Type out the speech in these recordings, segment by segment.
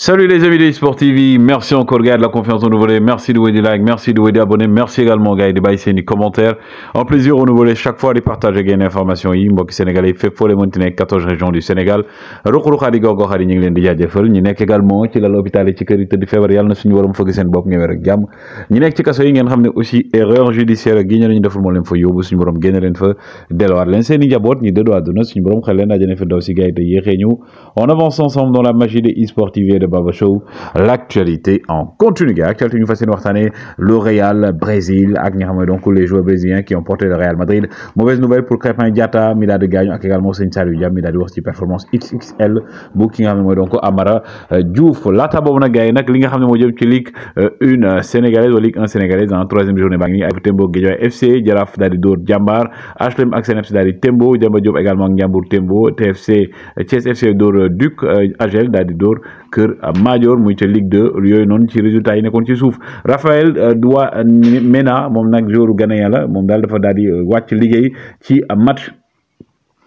Salut les amis de sport TV, merci encore de la confiance au nouveau merci de vous des likes, merci de vous des abonnés, merci également gars de baisser les commentaires. En plaisir au nouveau chaque fois de partager gain information yi mbokk sénégalais fait pour les montagnes 14 régions du Sénégal. Rokh rokh xadi gogo xadi leen di ñi nek également ci l'hôpital ci kër yi tëdd feebar yàlla suñu borom fëgg seen bopp ngeen rek jam. ñi ci kasso yi ngeen xamné aussi erreur judiciaire gi ñu deful mo leen fa yobu suñu borom génne leen fa delluwaat leen seen jabot ñi de droit suñu borom xel leen fa daw ci ñu. On avance ensemble dans la magie de Sport TV Baba Show l'actualité en continu actualité nous faisons yéene le Real Brésil ak donc les joueurs brésiliens qui ont porté le Real Madrid mauvaise nouvelle pour Crépin Diata, Milad de di également Sëñ Saliou Dia mi performance XXL bu donc Amara euh, Diouf Lata boobu Naklinga. gars yi nag li nga euh, une sénégalaise wala Ligue 1 sénégalaise en troisième journée baa ngi Tembo FC Djaraf Dadidour, di dóor Jàmbaar HLM ak FC daal di Tembo également ak Tembo TFC Thiès FC Duc Agel euh, Dadidour, di kër euh, Madior muy ca Ligue 2 yooyu noonu ci résultat yi nekkoon ci suuf Raphaël euh, Douamena moom nag joueur gana la moom daal dafa daal di euh, wàcc liggéey ci match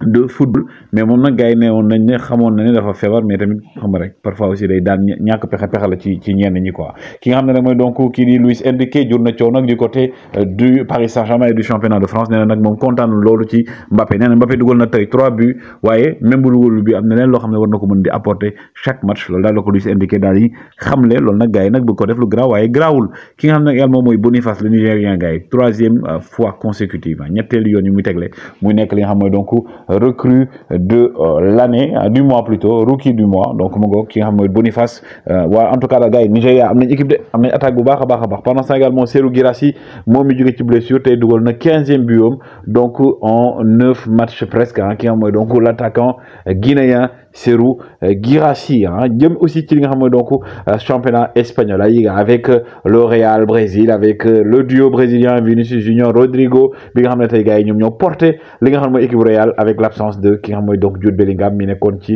de football mais mom nak gars yi nañ né xamone na né dafa feebar mais tamit xam rek parfois aussi day daan ñak pexe pexe la ci ci ñenn ñi quoi ki nga xamné nak moy donc ki di Luis Enrique jurna na nak nag du côté euh, du Paris Saint-Germain et du championnat de France nee nak mom contane lolu ci Mbappé nee Mbappé dugul na tey 3 buts wayé même bu dugalul bi am na leen loo xam war na ko mën di apporter chaque match lolu daal la ko Luis Enrique daal di xamle loolu nag gars yi nag ko def lu graw wayé grawul ki nga xam ne également mooy Boniface le Nigérien gars yi troisième euh, fois consécutivement ñettel yoon yu muy tegle muy nekk li nga xamné donc recrue de euh, l'année hein, du mois plutôt rookie du mois donc mon gars, qui a Boniface euh, en tout cas la gars Nigeria Nigéria équipe de attaque bu barre pendant ça également, Serou Girassi mon milieu qui est blessure tey 15 na 15 but donc en neuf matchs presque qui hein, ki donc l'attaquant euh, guinéen serou Guirassy hein. jëm aussi qui donc championnat espagnol avec le Real Brésil avec le duo brésilien Vinicius Junior Rodrigo qui a a ne gars porté équipe Real avec l'absence de qui nga donc du Bellingham mine conti ci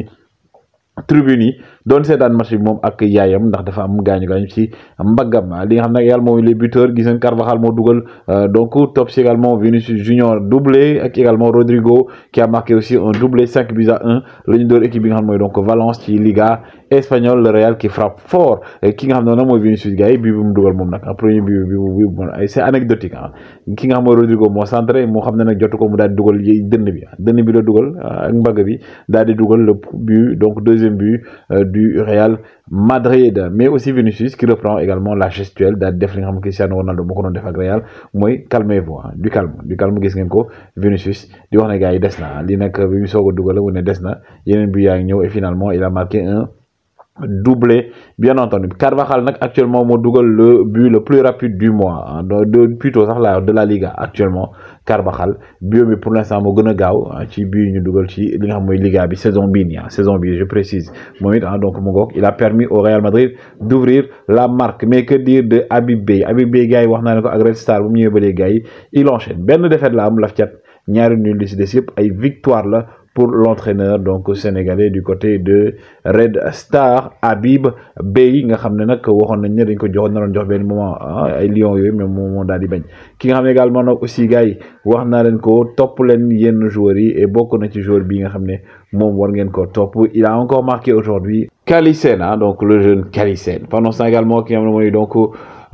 tribune donc c'est dans match mom ak yayam ndax dafa am gañu gañu ci mbagam li nga xam le buteur les buteurs gis nañ Carvajal moo dugal euh, donc top c'est également Vinicius Junior doublé ak également Rodrigo qui a marqué aussi un doublé 5 buts à 1 le ñu équipe bi nga donc Valence ci Liga espagnol le Real qui frappe fort qui nga xam ne nag Vinicius gay yi bi mu dugal mom nak premier bi bi bi c'est anecdotique hein ki nga xam Rodrigo mo centré mo xam ne nag jotu ko mu daal di dugal yi bi hein. dënn bi la dugal euh, ak mbag bi daal di dugal le but donc deuxième but euh, du Real Madrid mais aussi Vinicius qui reprend également la gestuelle daal def li nga xam Cristiano Ronaldo moo ko def ak Real moy calmez-vous hein, du calme du calme gis ngeen ko Vinicius di wax na gay yi des na li nak bi mu soog a dugal mu ne des na yeneen bi yaa ngi et finalement il a marqué un doublé bien entendu Carvajal nak actuellement mo dougal le but le plus rapide du mois hein. de plutôt sax la de la Liga actuellement Carvajal but mais pour l'instant mo gëna gaw hein, ci but ñu dugal ci li nga moy Liga bi saison bi ni hein. saison bi je précise momit it donc mo gok il a permis au Real Madrid d'ouvrir la marque mais que dire de Abibé Abibé Habib Beye gars wax naa ko ak Red Star bu ñëwé ñëwee ba il enchaîne ben défaite la am la cat ñaari nul li des ay victoire la pour l'entraîneur donc sénégalais du côté de Red Star Habib Beye nga xamné nak waxon nañ ne dañ ko na naroon jox ben moment ah, ay lion yoy mais moment moo di bañ ki nga xamné ne également nag aussi gars yi wax naa leen ko top len yenn joueur yi et bokk na ci joueur bi nga xamné mom war ngeen ko top il a encore marqué aujourd'hui Kalisen hein, donc le jeune Kalisen pendant ça également qui a donc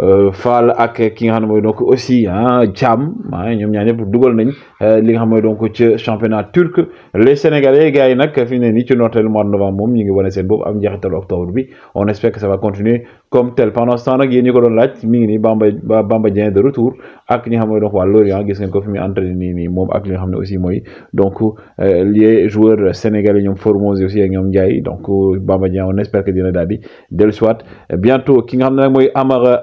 euh, fal ak ki nga xam moy donc aussi hein Thiam hein, ñom ñane pour ñëpp nañ euh, li nga xam moy donc ca championnat turc les sénégalais gars yi nag fi mu ne nii ci noorteelu mois de novembre moom ñu ngi wane sen bopp am njeexitalu octobre bi on espère que ça va continuer comme tel pendant ce temps nak yéen ñi ko don laaj mi ngi nii Bamba Bamba Dieng de retour ak ñi nga xam mooy donc waa Lorient gis ngeen ko fi mi entraîné ni mom ak li nga xam aussi moy donc euh, les joueurs sénégalais ñom Formose aussi ak ñom Ndiaye donc Bamba Dieng on espère que dina daal di dellu bientôt ki nga xam nak moy Amara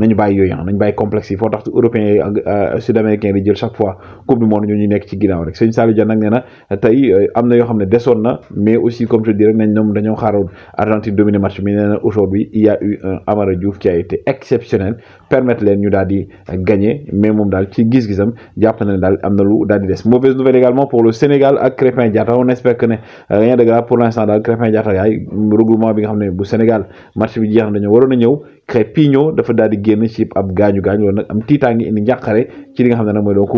nañu bàyyi yooyu nañ nañu bàyyi complexe yi foo tax européens yi ak euh, sud américain di jël chaque fois coupe du monde ñu ñu nekk ci ginnaaw rek sëñ Saliou Dia nag nee na tey euh, am na yoo xam ne desoon na mais aussi comme je dis rek nañ ñoom dañoo xaaroon Argentine domine match bi nee na aujourd'hui il y a eu un Amara Diouf qui a été exceptionnel permettre leen ñu daal di gagner mais moom daal ci gis-gisam jàpp na ne daal am na lu daal di des mauvaise nouvelle également pour le Sénégal ak Crépin Diatta on espère que ne euh, rien de grave pour l'instant daal Crépin Diatta yaay regroupement bi nga xam ne bu Sénégal match bi jeex na dañoo waroon a ñëw Crépigno dafa daal di génn ci ab gaañu gaañu loolu nag am tiitaangi indi njàqare ci li nga xam ne nag mooy donc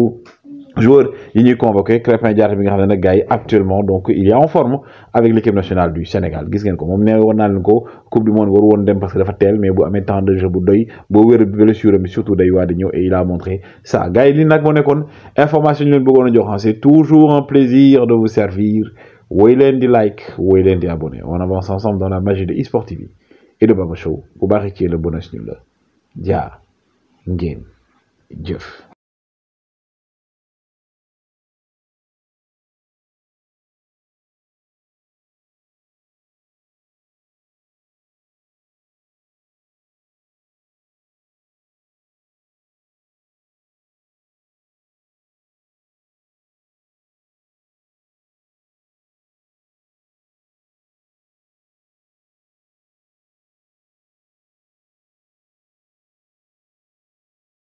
joueur yi ñuy convoqué Crépin Diatta bi nga xam ne nag gars yi actuellement donc il est en forme avec l'équipe nationale du Sénégal gis ngeen ko moom nee woon naa leen ko coupe du monde waru woon dem parce que dafa teel mais bu amee temps de jeu bu doy boo wér blessure bi surtout day waa di ñëw et il a montré ça gars yi li nag moo nekkoon information ñu leen bëggoon a jox hein, c'est toujours un plaisir de vous servir woy leen di like woy leen di abonné on avance ensemble dans la magie de e-sport TV Ido Baba Show bu baax ci la bonus ñu la ja ngeen jëf